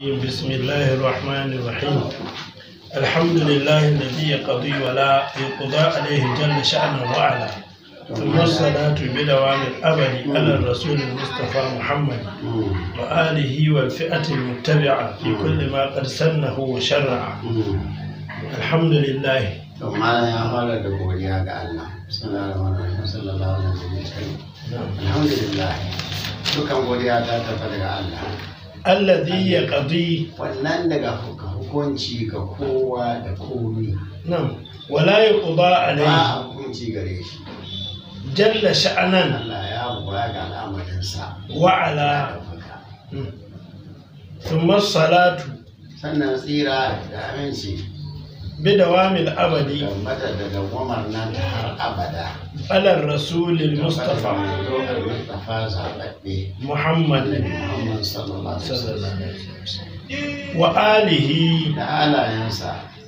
بسم الله الرحمن الرحيم الحمد لله الذي يقضي ولا يقضى عليه جل شأنه وعلا ثم الصلاة بدوام الأبد على الرسول المصطفى محمد وآله والفئة المتبعة في كل ما قد سنه وشرع الحمد لله ثم نعم. على يا الله صلى الله عليه وسلم الحمد لله شكرا الله alladhi ya qadi wannan daga hukunci ga kowa da komi nan wala yuqda alayhi ba hukunci gare shi jalla sha'anan Allah ya buga ga al'amarin sa wa ala hmm. thumma salatu sannan tsira da aminci bi dawamil abadi alar rasulil mustafa muhammad wa alihi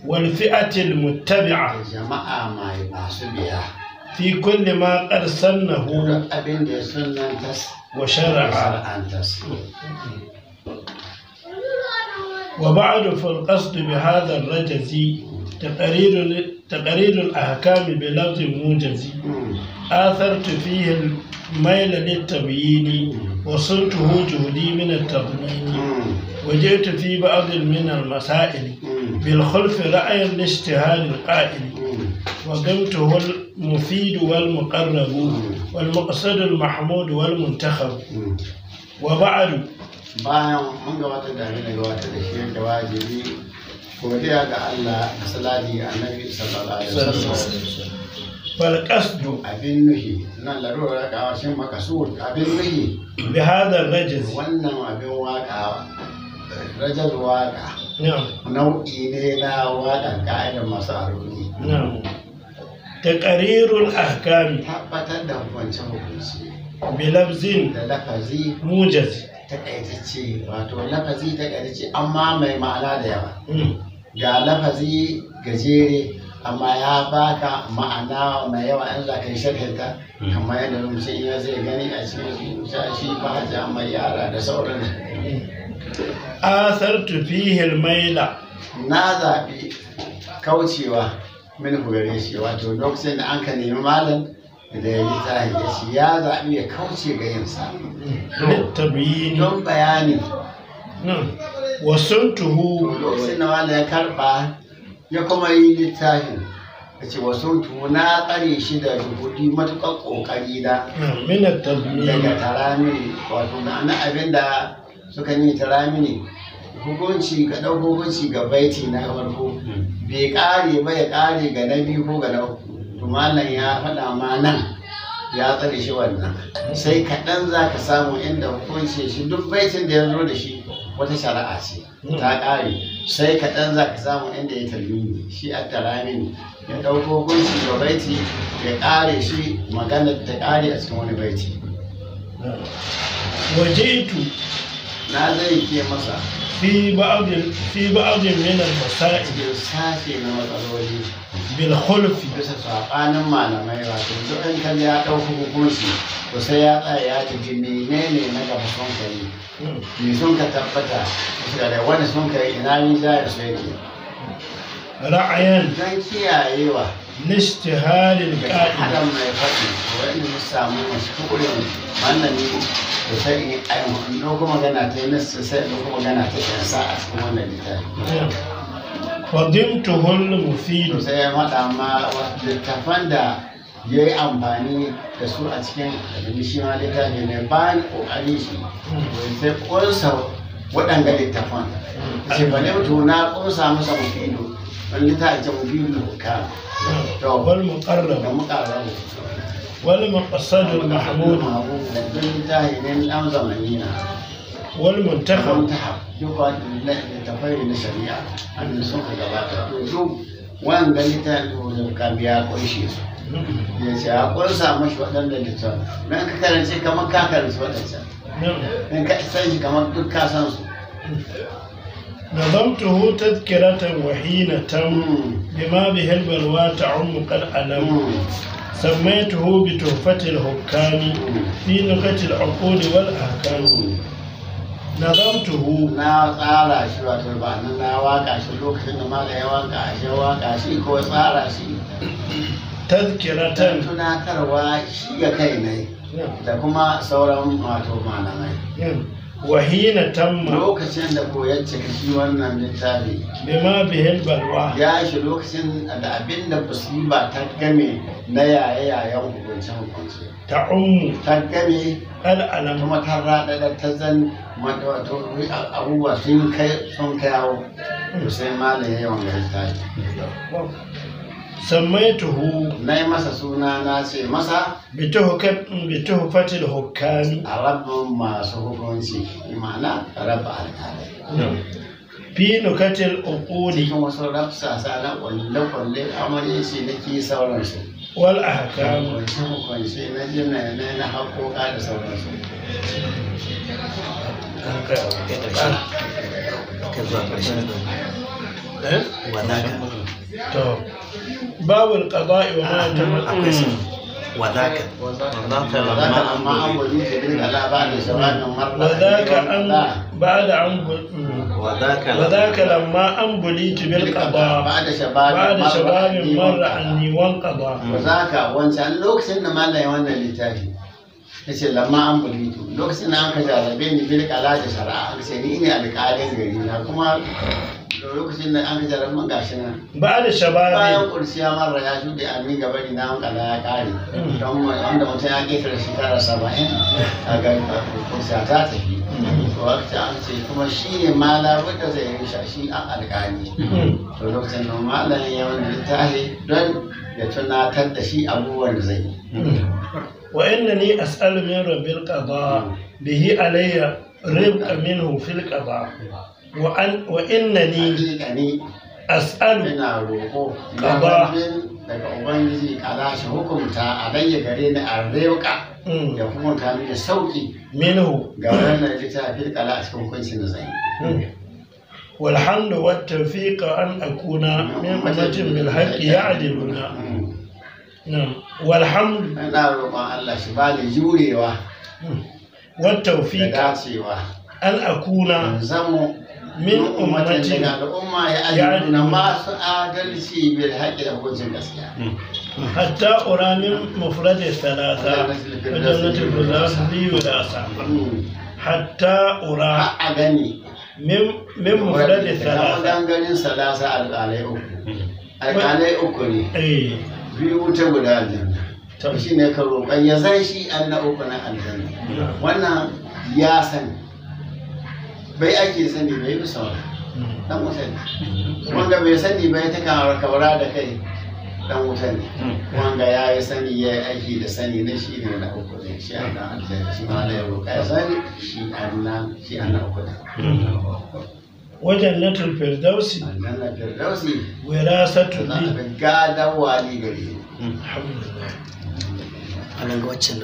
wal fi'atil muttabi'a jama'a mai masu biya fi kulli ma qarsanahu abin wa shar'a وبعد القصد بهذا الرجز تقرير تقرير الأحكام بلفظ موجز آثرت فيه الميل للتبيين وصلته جهدي من التضمين وجئت في بعض من المسائل بالخلف رأي الاجتهاد القائل وقمته المفيد والمقرب والمقصد المحمود والمنتخب wa ba'adu bayan mun ga wata dare da gabatar da shi yadda wajibi godiya ga Allah salati annabi sallallahu alaihi wasallam fal qasdu abin nuhi nan larura ga wasu makasud abin nuhi bi hada rajaz wannan abin waka rajaz waka nau'i ne na wakan ka'idar masu aruni taqrirul ahkam tabbatar da hukuncin hukunci bilabzin da lafazi mujaz ce wato lafazi ta ce amma mai ma'ana da yawa hmm. ga lafazi gajere amma ya baka ma'ana mai yawa in za ka yi shakarta hmm. kamar yadda mutum ya zai gani a cikin shi ba fahaja mai yara da sauran hmm. asar tufi Hirmaila. na zaɓi kaucewa min gare shi wato lokacin da an ka nemi malam da ya tsaye ya shi ya zaɓi ya kauce ga yinsa don bayani wasu tuhu lokacin ya karɓa ya kuma yi littafin a ce tuhu na tsare shi da rubutu matuƙar ƙoƙari da daga taramini wato na abin da suka yi taramini hukunci ga ɗau hukunci ga baiti na farko mm. bai ƙare ba ya ƙare ga na biyu ko ga na uku malam ya faɗa ma nan ya tsare shi wannan sai kaɗan za ka samu inda hukunci shi duk baitin da ya zo da shi wata shari'a ce ta ƙare sai kaɗan za ka samu inda ya tarbi shi a taramini ya ɗauko hukunci da baiti ya ƙare shi maganar ta ƙare a cikin wani baiti na zai ke masa fi ba'adin fi ba'adin min al-masail sashi na matsaloli bil khulfi bisa sabanin malamai ba to duk an kan ya dauko hukunci to sai ya tsaya ya tafi menene na gaba son kai ni hmm. sun ka tabbata da wani sun kai ina ni za su yake ra'ayan dan kiyayewa nishtihalil ka'ida mai faɗi wani mu samu masu kuɗin wannan ne da sai in ayyuka ɗauko magana ta yi na sai ɗauko magana ta yi sa a cikin wannan littafi fadimtuhul mufidu sai ya maɗa ma littafan da ya yi amfani da su a cikin abin shi ma littafi ne bayan ƙoƙari shi hmm. sai ƙunsa waɗanda littafan ce ba lautu na ƙunsa masa mufido wani biyu mufido ka to bal ba mu muqarrab da muqarrab wal muqassadu mahmud dan littafi ne an dan zamanina wal muntakhab muntakhab ta littafai na shari'a an sun ka gabata to duk wanda littafi da ka biya kunshi su mm. ya ce a kunsa mashi waɗanda littafi dan ka karance kamar ka karance waɗancan in ka san shi kamar duk ka san su نظمته تذكرة وحينة بما به البلوى تعم قد ألم سميته بتحفة الحكام في نقة العقول والأحكام نظمته نا tsara shi wato ba na waka lokacin da mala ya waka tsara shi tazkiratan tunatarwa shi ga kai ne da kuma sauran wato malamai wahina tamma lokacin da koyar cika shi wannan littafi bima bihil balwa ya shi lokacin da abin da musiba ta game na yaye yayen hukuncin hukunci ta ummu ta game al'alam kuma ta rada da ta zan wato abubuwa sun kai sun kawo hmm. sai malam yawan littafi sammaituhu na yi masa suna na ce masa bituhu fatil hukami a rabin masu hukunci imana rabba alkalai fi nukatil uquli cikin wasu rafsa sana kwalle-kwalle amare shi da ke sauransu wal ahkam hukunci hukunci na jina ne na hakoka da sauransu ka zuwa to babul qada'i wa ma tamalla وذاك وذاك أن بعد عن وذاك وذاك لما أنبليت بالقضاء بعد شباب بعد شباب مر عني وانقضى وذاك وانسان لوكس إن ما لا يوانا لتاهي yace lamma an bulitu lokacin da an ka jarabe ni bilik ala da shari'a sai ni ne alƙalin gari na kuma lokacin da an jaran man gashi nan ba da bayan mara ya shuɗe a mi gaba na hankala ya kare don wanda mutum ya shekara saba'in a ga ta tafi to an ce kuma shi ne zai yi shashi a alƙali to lokacin da malam ya wani littafi don ya tunatar da shi abubuwan da zai yi wa inna ni as'alu min rabbil qada bihi alayya minhu fil qada wa inna ni as'alu ina roƙo gaba daga ubangiji ala shi hukunta alayya gare ni a rewka hmm. ya hukunta ni da sauƙi. minhu ga wannan littafin kala a cikin hukuncin da zan hmm. walhamdu wata tawfiqa an akuna min ummatin bil haqqi ya'diluna hmm. na'am walhamdu ina roƙon Allah shi ba ni jurewa Wata tawfiqa an akuna zamo min ummati daga al'umma ya adina masu adalci bil haƙi da hukuncin gaskiya hmm. hatta uramin mufradi salasa da jannatin firdaus biyu da asa hmm. hatta ura a gani min mufradi salasa wajen salasa alƙalai uku hmm. alƙalai uku ne eh. biyu ta guda aljanna shi ne ka roƙon ya zai shi an uku na aljanna wannan ya sani bai ake sani bai bisa wani hmm. dan wuta ne hmm. wanga bai sani bai ta kawara da kai dan wuta ne hmm. wanga ya yi sani ya yi aiki da sani na shi ne na uku ne shi an da aljanna shi ma da ya roƙa ya sani shi an na shi an na uku ne wajen natul firdausi aljanna firdausi wirasatu li gadawa ne gare alhamdulillah anan